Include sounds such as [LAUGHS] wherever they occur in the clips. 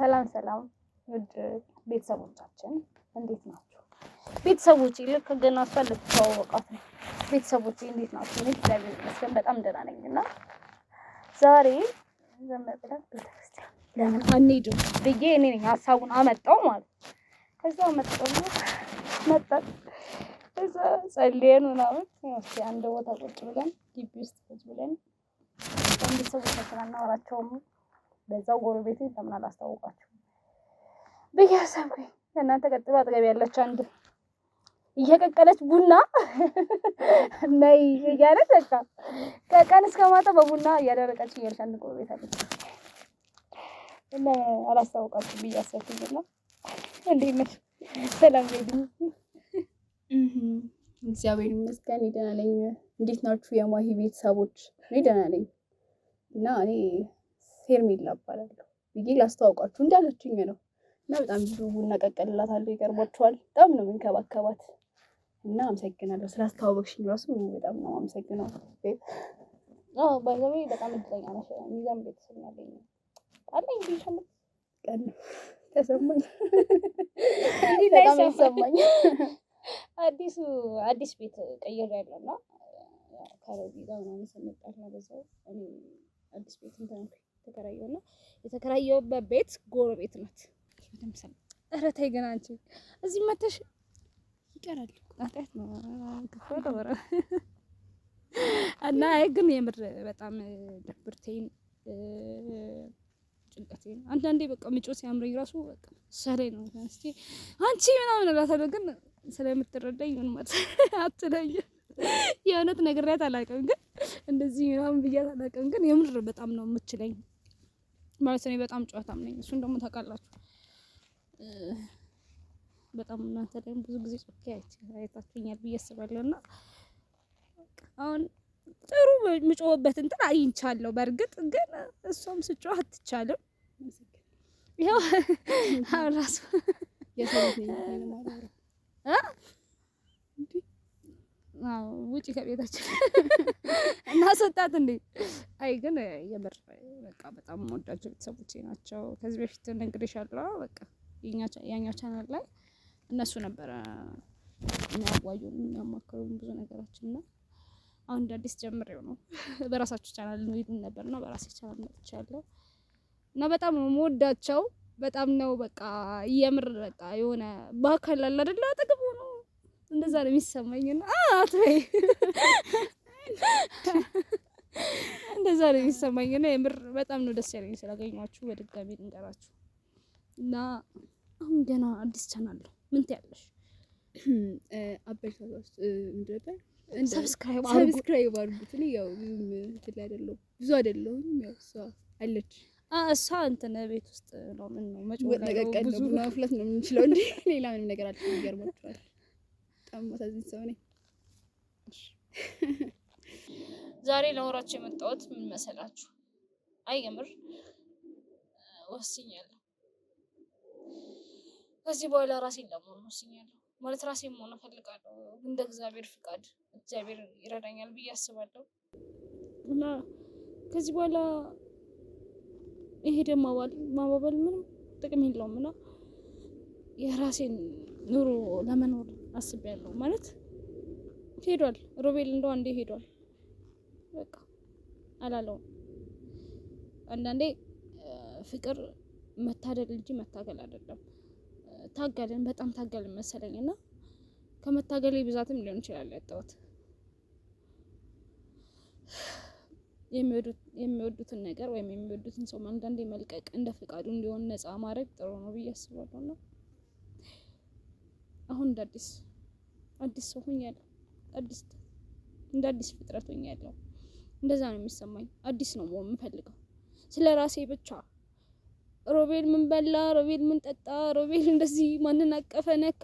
ሰላም ሰላም ውድ ቤተሰቦቻችን እንዴት ናችሁ? ቤተሰቦቼ ልክ ገና እሷ ልትተዋወቃት ነው። ቤተሰቦቼ እንዴት ናችሁ? እኔ እግዚአብሔር ይመስገን በጣም ደህና ነኝ። እና ዛሬ ዘመድ ብለን ቤተክርስቲያን ለምን አንሄድም ብዬ እኔ ነኝ ሀሳቡን አመጣው ማለት ነው። ከዛ መጠው መጠጥ እዛ ጸልየን ምናምን ስ አንድ ቦታ ቁጭ ብለን ግቢ ውስጥ ቁጭ ብለን ቤተሰቦቻችን አናወራቸውም በዛው ጎረቤቴ ለምን አላስታወቃችሁ ብዬ አሰብኩኝ። እናንተ ቀጥሎ አጠገብ ያለች አንድ እየቀቀለች ቡና [LAUGHS] ነይ እያለች በቃ ከቀን እስከ ማታ በቡና እያደረቀች እያለች አንድ ጎረቤት አለች እና አላስታወቃችሁ ብዬ አሰብኩኝ። እና እንዴት ነሽ? ሰላም ዜድኝ እግዚአብሔር ይመስገን ደህና ነኝ። እንዴት ናችሁ የማሂ ቤተሰቦች? እኔ ደህና ነኝ እና እኔ ሄርሜላ እባላለሁ ብዬ ላስተዋውቃችሁ እንዳለችኝ ነው። እና በጣም ብዙ ቡና ቀቀልላታለሁ። ይገርማችኋል። በጣም ነው የምንከባከባት እና አመሰግናለሁ። ስላስተዋወቅሽኝ ራሱ በጣም ነው አመሰግነው። ባይዘዌ በጣም እድለኛ ነሽ። ሚዛም ቤተሰብ ያለኝ አለኝ ቢሻለ ቀን ተሰማኝ በጣም ይሰማኝ። አዲሱ አዲስ ቤት ቀይር ያለና ከረቢ ጋር ምናምን ስንጣት ነው በዛው እኔ አዲስ ቤት እንትን ተከራየው እና የተከራየውበት ቤት ጎረቤት ናት። ኧረ ተይ ግን አንቺ እዚህ መተሽ ይቀራል ኃጢአት ነው እና አይ ግን የምር በጣም ድብርቴን ጭንቀቴን ነው። አንዳንዴ በቃ ምጮ ሲያምረኝ ራሱ በቃ ሰላይ ነው ስ አንቺ ምናምን እላታለሁ፣ ግን ስለምትረዳኝ ምን ማለት አትለኝ። የእውነት ነግሬያት አላውቅም፣ ግን እንደዚህ ምናምን ብያት አላውቅም፣ ግን የምር በጣም ነው የምችለኝ። ማለት እኔ በጣም ጨዋታም ነኝ። እሱን ደግሞ ታውቃላችሁ። በጣም እናንተ ደግሞ ብዙ ጊዜ ጾኬ አይታችሁኛል ብዬ አስባለሁ። እና አሁን ጥሩ የምጮህበት እንትን አግኝቻለሁ። በእርግጥ ግን እሷም ስጮህ አትቻልም። ይኸው አሁን ራሱ ውጪ ከቤታችን [LAUGHS] እናስወጣት እንዴ! አይ ግን የምር በቃ በጣም ወዳጅ ቤተሰቦቼ ናቸው። ከዚህ በፊት ነግሬሻለሁ። በቃ ያኛው ቻናል ላይ እነሱ ነበረ የሚያዋዩን የሚያማክሩን ብዙ ነገራችን እና አሁን እንደ አዲስ ጀምሬው ነው [LAUGHS] በራሳችሁ ቻናል ነው እንሄድን ነበር እና በራሴ ቻናል መጥቻለሁ እና በጣም ነው በጣም ነው በቃ የምር በቃ የሆነ ባካላል አደለ አጠገቡ ነው እንደዛ ነው የሚሰማኝ። እና አትበይ [LAUGHS] እንደዛ ነው የሚሰማኝ። እና የምር በጣም ነው ደስ ያለኝ ስላገኘኋችሁ በድጋሚ ልንገራችሁ። እና አሁን ገና አዲስ ቻናል ነው ምን ትያለሽ? [CLEARS THROAT] አበረታታች እንደበር ሰብስክራይብ አድርጉት። እኔ ያው ብዙም እንትን ላይ አይደለሁም ብዙ አይደለሁም። ያው እሷ አለች እሷ እንትን ቤት ውስጥ ነው ምን ነው መጭወጥ ነቀቀል ነው ቡና ፍለት ነው የምንችለው እንዴ ሌላ ምንም ነገር አልተገርማችኋል። በጣም የማሳዝን ሰው ነኝ። [LAUGHS] ዛሬ ለወራቸው የመጣሁት ምን መሰላችሁ? አይ የምር ወስኛለሁ። ከዚህ በኋላ ራሴን ለመሆን ወስኛለሁ። ማለት ራሴን መሆን እፈልጋለሁ። እንደ እግዚአብሔር ፍቃድ እግዚአብሔር ይረዳኛል ብዬ አስባለሁ። እና ከዚህ በኋላ ይሄ ማባበል ምንም ጥቅም የለውም እና የራሴን ኑሮ ለመኖር አስቤያለሁ። ማለት ሄዷል፣ ሮቤል እንደው አንዴ ሄዷል። በቃ አላለውም። አንዳንዴ ፍቅር መታደል እንጂ መታገል አይደለም። ታገልን፣ በጣም ታገልን መሰለኝ እና ከመታገሌ ብዛትም ሊሆን ይችላል ያጣሁት። የሚወዱትን ነገር ወይም የሚወዱትን ሰው አንዳንዴ መልቀቅ እንደ ፈቃዱ እንዲሆን ነፃ ማድረግ ጥሩ ነው ብዬ አስባለሁ አሁን እንደ አዲስ አዲስ ሰው ሆኛለሁ። አዲስ እንደ አዲስ ፍጥረት ሆኛለሁ። እንደዛ ነው የሚሰማኝ። አዲስ ነው መሆን የምፈልገው ስለ ራሴ ብቻ። ሮቤል ምን በላ፣ ሮቤል ምን ጠጣ፣ ሮቤል እንደዚህ ማንን አቀፈ ነካ፣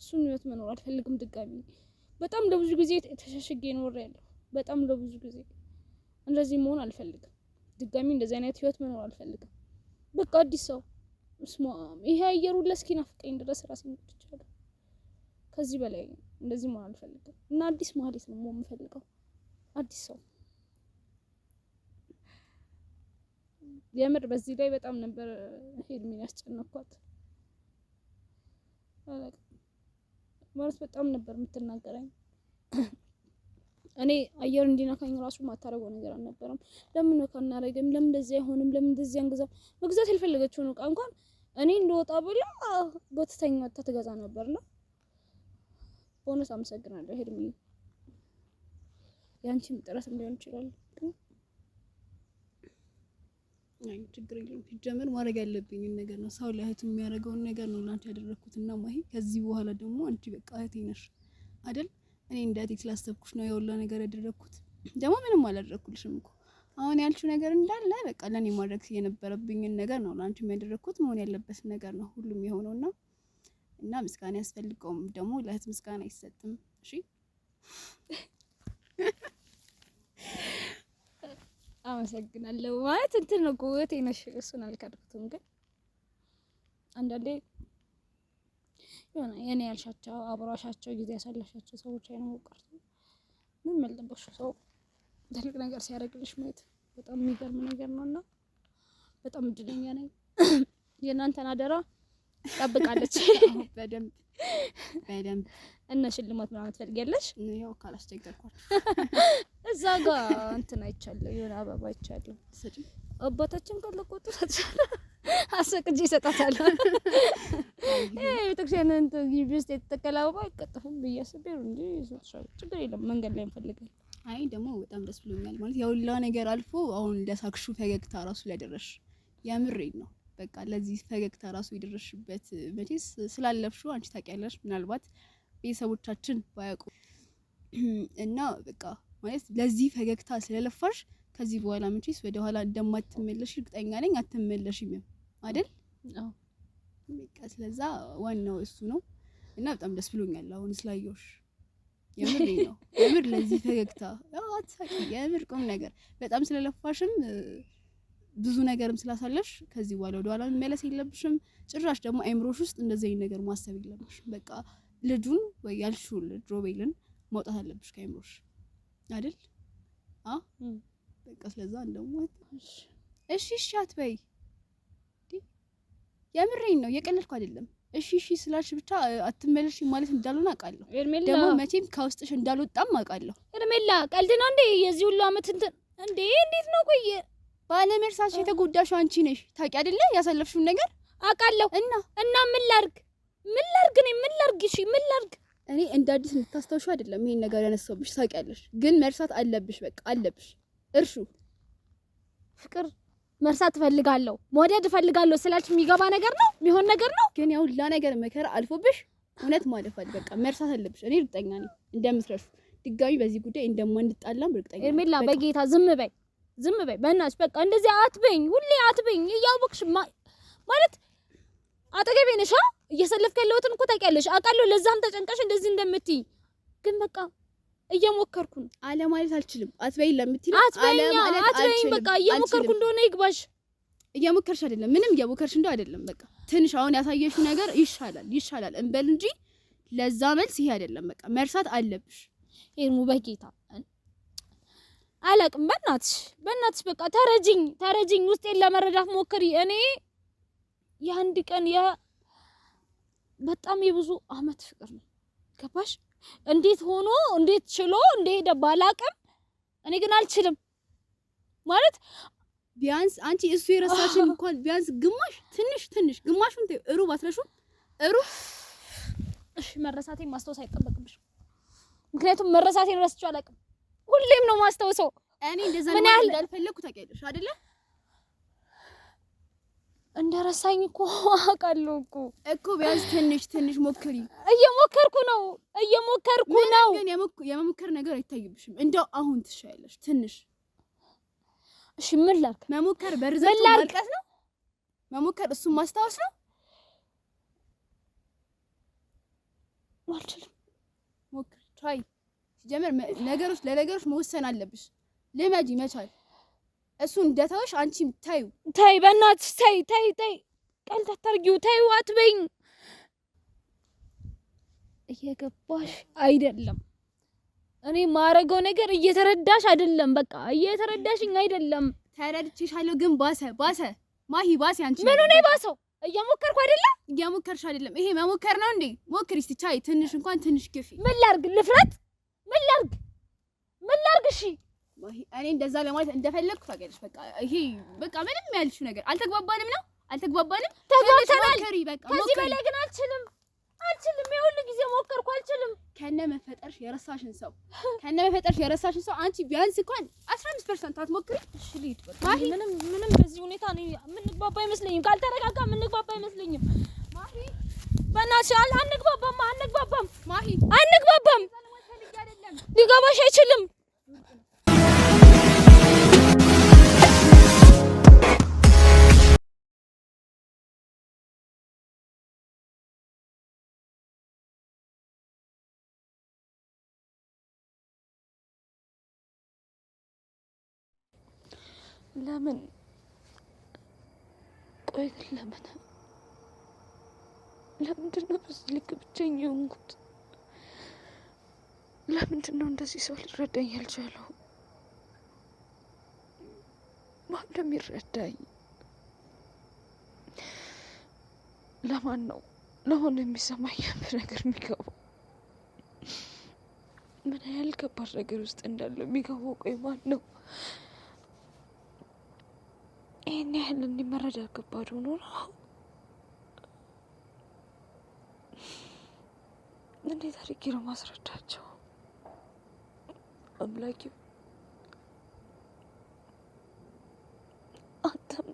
እሱን ህይወት መኖር አልፈልግም ድጋሚ። በጣም ለብዙ ጊዜ ተሸሽጌ ኖር ያለሁ በጣም ለብዙ ጊዜ እንደዚህ መሆን አልፈልግም ድጋሚ። እንደዚህ አይነት ህይወት መኖር አልፈልግም። በቃ አዲስ ሰው ስማ ይሄ አየሩ እስኪናፍቀኝ ድረስ ራሴን ወድቻለሁ። ከዚህ በላይ እንደዚህ መሆን አልፈልግም እና አዲስ ማህሌት ነው የምፈልገው፣ አዲስ ሰው። የምር በዚህ ላይ በጣም ነበር ሄድሜን ያስጨነኳት ማለት በጣም ነበር የምትናገረኝ። እኔ አየር እንዲነካኝ ራሱ ማታረገው ነገር አልነበረም። ለምን ነው ካናረገም? ለምን እንደዚህ አይሆንም? ለምን እንደዚህ አንገዛም? መግዛት ያልፈለገችውን እቃ እንኳን እኔ እንደወጣ ብላ በትተኝ ወጥታ ትገዛ ነበርና በእውነት አመሰግናለሁ ሄድሜ። ያንቺም ጥረትም ሊሆን ይችላል። አይ ችግር የለም። ሲጀመር ማድረግ ያለብኝን ነገር ነው። ሰው ለእህቱ የሚያደርገውን ነገር ነው ላንቺ ያደረኩት እና ማሂ፣ ከዚህ በኋላ ደግሞ አንቺ በቃ እህቴ ነሽ አይደል? እኔ እንደ እህቴ ስላሰብኩሽ ነው የወላ ነገር ያደረኩት። ደግሞ ምንም አላደረኩልሽም እኮ አሁን ያልችው ነገር እንዳለ በቃ ለእኔ ማድረግ የነበረብኝን ነገር ነው ለአንቺ የሚያደረግኩት መሆን ያለበት ነገር ነው ሁሉም የሆነውና እና ምስጋና ያስፈልገውም ደግሞ ለእህት ምስጋና አይሰጥም። እሺ አመሰግናለሁ። ማለት እንትን ነው ጉበቴ ነሽ፣ እሱን አልካድኩትም። ግን አንዳንዴ የሆነ የኔ ያልሻቸው አብሯሻቸው ጊዜ ያሳለፋቸው ሰዎች አይኖሩ ቀርቶ ምን መልጥበሹ ሰው ትልቅ ነገር ሲያደርግልሽ ማየት በጣም የሚገርም ነገር ነው እና በጣም እድለኛ ነኝ። የእናንተን አደራ ጠብቃለች [LAUGHS] በደንብ በደንብ። እና ሽልማት ምናምን ትፈልጊያለሽ? ያው ካላስቸገርኳት [LAUGHS] እዛ ጋ እንትን አይቻለሁ፣ የሆነ አበባ አይቻለሁ። አባታችን ከለቆጡ አሰቅጄ ይሰጣታል። ቤተክርስቲያን እንትን ግቢ ውስጥ የተተከለ አበባ አይቀጥፍም ብዬ አስቤ እንጂ ችግር የለም መንገድ ላይ እንፈልጋለን አይ ደግሞ በጣም ደስ ብሎኛል ማለት የሁላ ነገር አልፎ አሁን ለሳክሹ ፈገግታ ራሱ ላይደረሽ የምሬን ነው። በቃ ለዚህ ፈገግታ ራሱ የደረሽበት መቼስ ስላለፍሽው አንቺ ታውቂያለሽ። ምናልባት ቤተሰቦቻችን ባያውቁ እና በቃ ማለት ለዚህ ፈገግታ ስለለፋሽ ከዚህ በኋላ መቼስ ወደ ኋላ እንደማትመለሽ እርግጠኛ ነኝ። አትመለሽም አይደል? በቃ ስለዛ ዋናው እሱ ነው እና በጣም ደስ ብሎኛል አሁን ስላየሽ የምር ነው። የምር ለዚህ ፈገግታ አትሳቂ። የምር ቁም ነገር በጣም ስለለፋሽም ብዙ ነገርም ስላሳለሽ ከዚህ በኋላ ወደ ኋላ መመለስ የለብሽም። ጭራሽ ደግሞ አይምሮሽ ውስጥ እንደዚህ አይነት ነገር ማሰብ የለብሽም። በቃ ልጁን ወይ ያልሽውን ልጅ ሮቤልን ማውጣት አለብሽ ከአይምሮሽ አይደል? አ በቃ ስለዛ እንደውም እሺ እሺ አትበይ። የምሬን ነው፣ የቀለድኩ አይደለም። እሺ እሺ ስላልሽ ብቻ አትመለሽ ማለት እንዳልሆነ አውቃለሁ። ኤርሜላ ደግሞ መቼም ከውስጥሽ እንዳልወጣም አውቃለሁ። እርሜላ ቀልድ ነው እንዴ? የዚህ ሁሉ አመት እንትን እንዴ? እንዴት ነው ቆየ? ባለመርሳትሽ የተጎዳሽው አንቺ ነሽ። ታውቂ አይደለ? ያሳለፍሽውን ነገር አውቃለሁ። እና እና ምን ላርግ? ምን ላርግ? እኔ ምን ላርግ? እሺ ምን ላርግ? እኔ እንደ አዲስ እንድታስታውሺው አይደለም ይሄን ነገር ያነሳውብሽ። ታውቂያለሽ፣ ግን መርሳት አለብሽ። በቃ አለብሽ። እርሹ ፍቅር መርሳት እፈልጋለሁ፣ መውደድ እፈልጋለሁ ስላልሽ የሚገባ ነገር ነው የሚሆን ነገር ነው። ግን ያው ሁላ ነገር መከራ አልፎብሽ እውነት ማለፍ በቃ መርሳት አለብሽ። እኔ እርግጠኛ ነኝ እንደምትረሹ ድጋሚ በዚህ ጉዳይ እንደማንጣላም እርግጠኛ ነኝ። ሄርሜላ በጌታ ዝም በይ፣ ዝም በይ በእናትሽ በቃ እንደዚህ አትበኝ፣ ሁሌ አትበኝ። እያወቅሽ ማለት አጠገቤ ነሽ፣ እየሰለፍክ ያለሁትን እኮ ታውቂያለሽ፣ አውቃለሁ። ለዛም ተጨንቀሽ እንደዚህ እንደምትይ ግን በቃ እየሞከርኩ ነው። አለ ማለት አልችልም። አትበይ ለምትል አለ ማለት አትበይኝ። በቃ እየሞከርኩ እንደሆነ ይግባሽ። እየሞከርሽ አይደለም፣ ምንም እየሞከርሽ እንደው አይደለም። በቃ ትንሽ አሁን ያሳየሽ ነገር ይሻላል፣ ይሻላል እንበል እንጂ ለዛ መልስ ይሄ አይደለም። በቃ መርሳት አለብሽ። ይሄም በጌታ አላቅም። በእናትሽ በእናትሽ በቃ ተረጅኝ፣ ተረጅኝ። ውስጤን ለመረዳት ሞክሪ። እኔ የአንድ ቀን ያ በጣም የብዙ አመት ፍቅር ነው። ገባሽ? እንዴት ሆኖ እንዴት ችሎ እንደሄደ ባላቅም፣ እኔ ግን አልችልም ማለት ቢያንስ አንቺ እሱ የረሳሽን እንኳን ቢያንስ ግማሽ ትንሽ ትንሽ ግማሹን ሩብ አትረሹም ሩብ እሺ፣ መረሳቴን ማስታወስ አይጠበቅብሽም። ምክንያቱም መረሳቴን ረስቼው አላውቅም። ሁሌም ነው ማስታወሰው። እኔ እንደዛ ነው እንዳልፈለኩ ታውቂያለሽ አይደለ? እንደረሳኝ እኮ [LAUGHS] አውቃለሁ እኮ እኮ ቢያንስ ትንሽ ትንሽ ሞክሪ። እየሞከርኩ ነው እየሞከርኩ ነው። ግን የመሞከር ነገር አይታይብሽም። እንደው አሁን ትሻያለሽ ትንሽ። እሺ ምን ላድርግ? መሞከር በርዘት መልቀስ ነው መሞከር፣ እሱን ማስታወስ ነው። አልችልም። ሞክሪ፣ ትራይ። ሲጀመር ነገሮች ለነገሮች መወሰን አለብሽ። ልመጂ መቻል እሱ እንደተወሽ አንቺም ተዩ ተይ፣ በእናትሽ ተይ ተይ ተይ፣ ቀልድ አታርጊው፣ ተይው አትበይኝ። እየገባሽ አይደለም። እኔ ማረገው ነገር እየተረዳሽ አይደለም። በቃ እየተረዳሽኝ አይደለም። ተረድቼሻለሁ፣ ግን ባሰ ባሰ። ማሂ ባሰ። አንቺ ምን ነው ባሰው? እየሞከርኩ አይደለም። እየሞከርሽ አይደለም። ይሄ መሞከር ነው እንዴ? ሞክሪ እስቲ ቻይ፣ ትንሽ እንኳን ትንሽ ግፊ። ምን ላርግ? ልፍረት? ምን ላርግ? ምን ላርግ? እሺ እኔ እንደዛ ለማለት እንደፈለግኩ ታውቂያለሽ። በቃ ይሄ በቃ ምንም ያልሽው ነገር አልተግባባንም ነው አልተግባባንም። ከዚህ በላይ ግን አልችልም አልችልም። የሁሉ ጊዜ ሞከርኩ፣ አልችልም። ከነ መፈጠርሽ የረሳሽን ሰው ከነ መፈጠርሽ የረሳሽን ሰው አንቺ ቢያንስ እንኳን 15 ፐርሰንት አትሞክሪ። እሺ ልሂድ። ምንም ምንም በዚህ ሁኔታ ነው የምንግባባ አይመስለኝም። ካልተረጋጋ የምንግባባ አይመስለኝም። ማሂ በእናትሽ አንግባባም፣ አንግባባም፣ ማሂ አንግባባም። ሊገባሽ አይችልም ለምን ቆይ ግን ለምን ለምንድን ነው በዚህ ልክ ብቸኝ የሆንኩት? ለምንድን ነው እንደዚህ ሰው ሊረዳኝ ያልቻለው? ማን ነው የሚረዳኝ? ለማን ነው ለሆነ የሚሰማኝ ያንብ ነገር የሚገባው? ምን ያህል ከባድ ነገር ውስጥ እንዳለው የሚገባው ቆይ ማን ነው? ይህን ያህል እንዲመረዳ ከባድ ሆኖ ነው። እንዴት አድርጌ ነው ማስረዳቸው? አምላኪ አንተም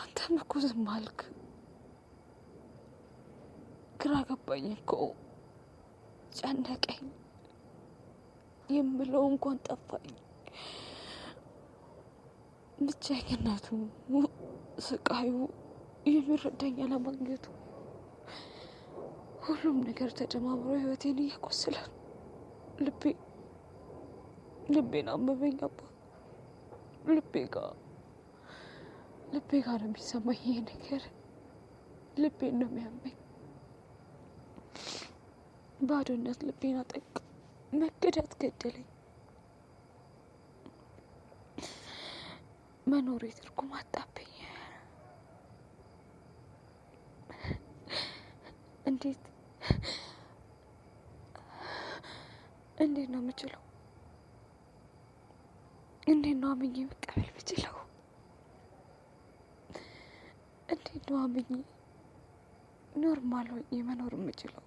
አንተም እኮ ዝም አልክ። ግራ ገባኝ እኮ ጨነቀኝ፣ የምለው እንኳን ጠፋኝ። ብቸኝነቱ፣ ስቃዩ፣ የሚረዳኝ አለማግኘቱ፣ ሁሉም ነገር ተደማምሮ ህይወቴን እያቆስላል። ልቤ ልቤን አመመኝ አባ። ልቤ ጋ ልቤ ጋ ነው የሚሰማኝ ይሄ ነገር። ልቤን ነው የሚያመኝ። ባዶነት ልቤን አጠቅ መገዳት ገደለኝ። መኖር የትርጉም አጣብኝ። እንዴት እንዴት ነው የምችለው? እንዴት ነው አምኜ መቀበል የምችለው? እንዴት ነው አምኜ ኖርማል ሆኜ መኖር የምችለው?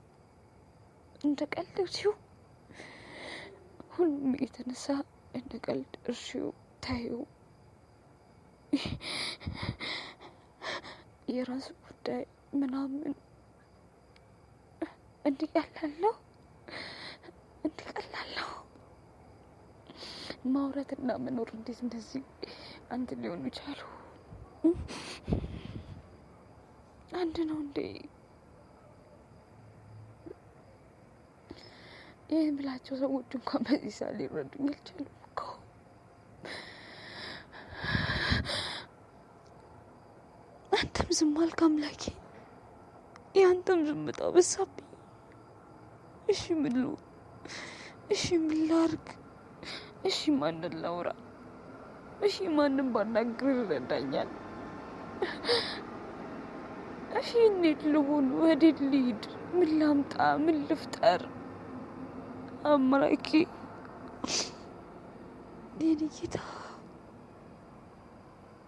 እንደ ቀልድ እርሺው፣ ሁሉም የተነሳ እንደ ቀልድ እርሺው ታዩ የራሱ ጉዳይ ምናምን እንዲቀላለሁ ማውረት ማውራትና መኖር እንዴት እንደዚህ አንድ ሊሆኑ ይቻሉ አንድ ነው እንዴ? ይህ ብላቸው ሰዎች እንኳን በዚህ ሰዓት ሊረዱኝ አልቻሉም። ዝም አልክ አምላኬ። ያንተም ዝምታ በዛብኝ። እሺ ምን ልሁን? እሺ ምን ላድርግ? እሺ ማንን ላውራ? እሺ ማንን ባናግር ይረዳኛል? እሺ እንዴት ልሁን? ወዴት ልሂድ? ምን ላምጣ? ምን ልፍጠር? አምላኬ የኔ ጌታ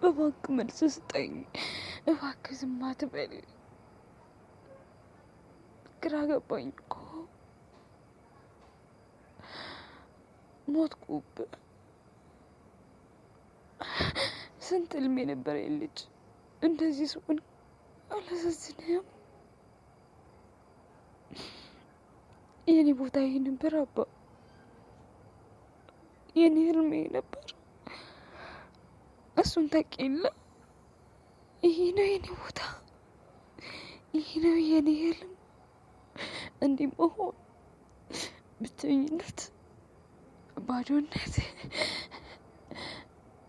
እባክህ መልስ ስጠኝ። እባክህ ዝም አትበል። ግራ ገባኝ እኮ ቁብ ስንት እልሜ ነበር የልጅ እንደዚህ ሲሆን አላሳዝንህም? የኔ ቦታ ይህ ነበር አባ፣ የኔ ህልሜ ነበር። እሱን ታውቂ የለ ይሄ ነው የኔ ቦታ፣ ይሄ ነው የኔ ህልም፣ እንዲህ መሆን፣ ብቸኝነት፣ ባዶነት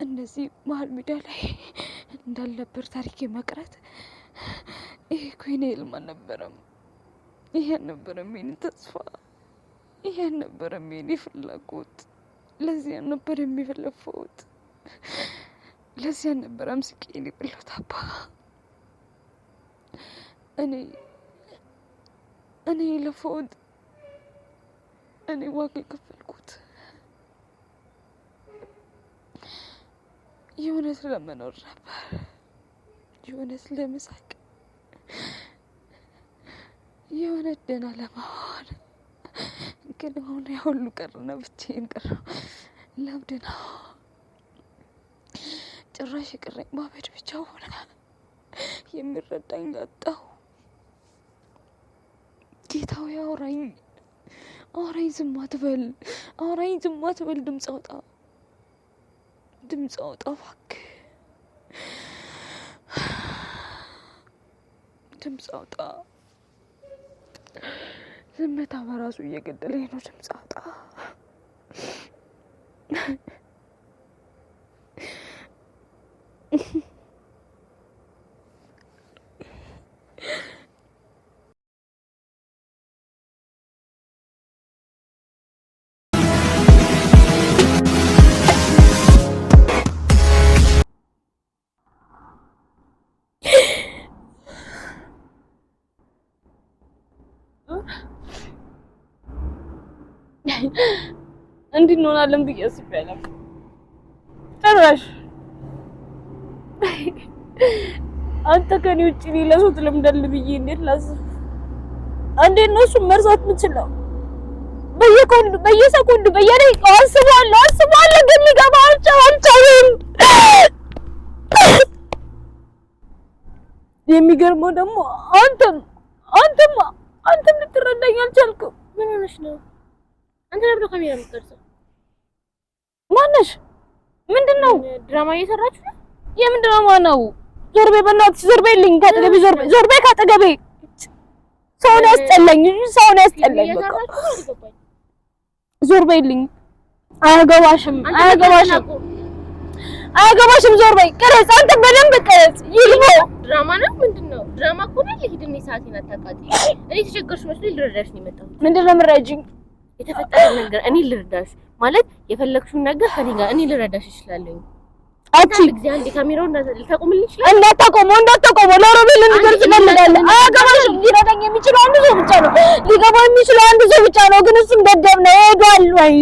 እንደዚህ መሀል ሜዳ ላይ እንዳልነበር ታሪክ መቅረት ይሄ እኮ የኔ ህልም አልነበረም። ይሄ አልነበረም የኔ ተስፋ፣ ይሄ አልነበረም የኔ ፍላጎት። ለዚህ አልነበረ የሚፈለፈውት። ለዚያ ነበረም ስቄ ሊብሎት አባ እኔ እኔ ለፎድ እኔ ዋጋ የከፈልኩት የእውነት ለመኖር ነበር፣ የእውነት ለመሳቅ፣ የእውነት ደህና ለመሆን። ግን አሁን ያሁሉ ቀረና ብቻዬን ቀረሁ ለምድ ጭራሽ ይቅረኝ ማበድ ብቻ ሆነ። የሚረዳኝ አጣሁ። ጌታዊ አውራኝ፣ አውራኝ፣ ዝም አትበል፣ አውራኝ፣ ዝም አትበል። ድምፅ አውጣ፣ ድምፅ አውጣ፣ እባክህ ድምፅ አውጣ። ዝምታ በራሱ እየገደለኝ ነው። ድምፅ አውጣ። እንዲህ እንሆናለን ብዬ አስቤ አላውቅም ጭራሽ አንተ ከኔ ውጭ ሌላ ሰው ትለምዳለህ ብዬ እንዴት ላስብ? አንዴ ነው እነሱ መርሳት የምችለው በየኮንዱ በየሰኮንዱ በየደቂቃው አስባለሁ አስባለሁ፣ ግን ሊገባ አልቻለም። የሚገርመው ደግሞ አንተም አንተም አንተም ልትረዳኝ አልቻልክም። ምን ሆነሽ ነው? አንተ ለምን ካሜራ የምትቀርጸው? ማነሽ? ምንድን ነው ድራማ እየሰራችሁ ነው? የምንድን ነው ማነው? ዞር በይ በእናትሽ ዞር በይልኝ፣ ካጠገቤ ዞር በይ ሰውን ያስጠላኝ፣ ሰውን ያስጠላኝ። በቃ ዞር በይልኝ። አያገባሽም፣ አያገባሽም፣ አያገባሽም። ዞር ቅረጽ፣ አንተ በደንብ ቅረጽ። ይልቦ ድራማ ነው ምንድን ነው ድራማ እኮ ነው። ልሂድም ሰዓቴን አታቃጥይ። እኔ ተቸገርሽ መስሎኝ ልረዳሽ ነው የመጣሁት። ምንድን ነው የምረጂኝ? የተፈጠረ ነገር እኔ ልረዳሽ ማለት የፈለግሽውን ነገር ከእኔ ጋር እኔ ልረዳሽ እችላለሁ። አንቺ ካሜራው ልታቆምልኝ ይችላል። እንዳታቆመው እንዳታቆመው ለሮቤል እንድደርስ እፈልጋለሁ። አያገባሽም። ሊረዳኝ የሚችለው አንድ ሰው ብቻ ነው። ሊገባው የሚችለው አንድ ሰው ብቻ ነው። ግን እሱም ደደብ ነው። እሄዳለሁ። አይ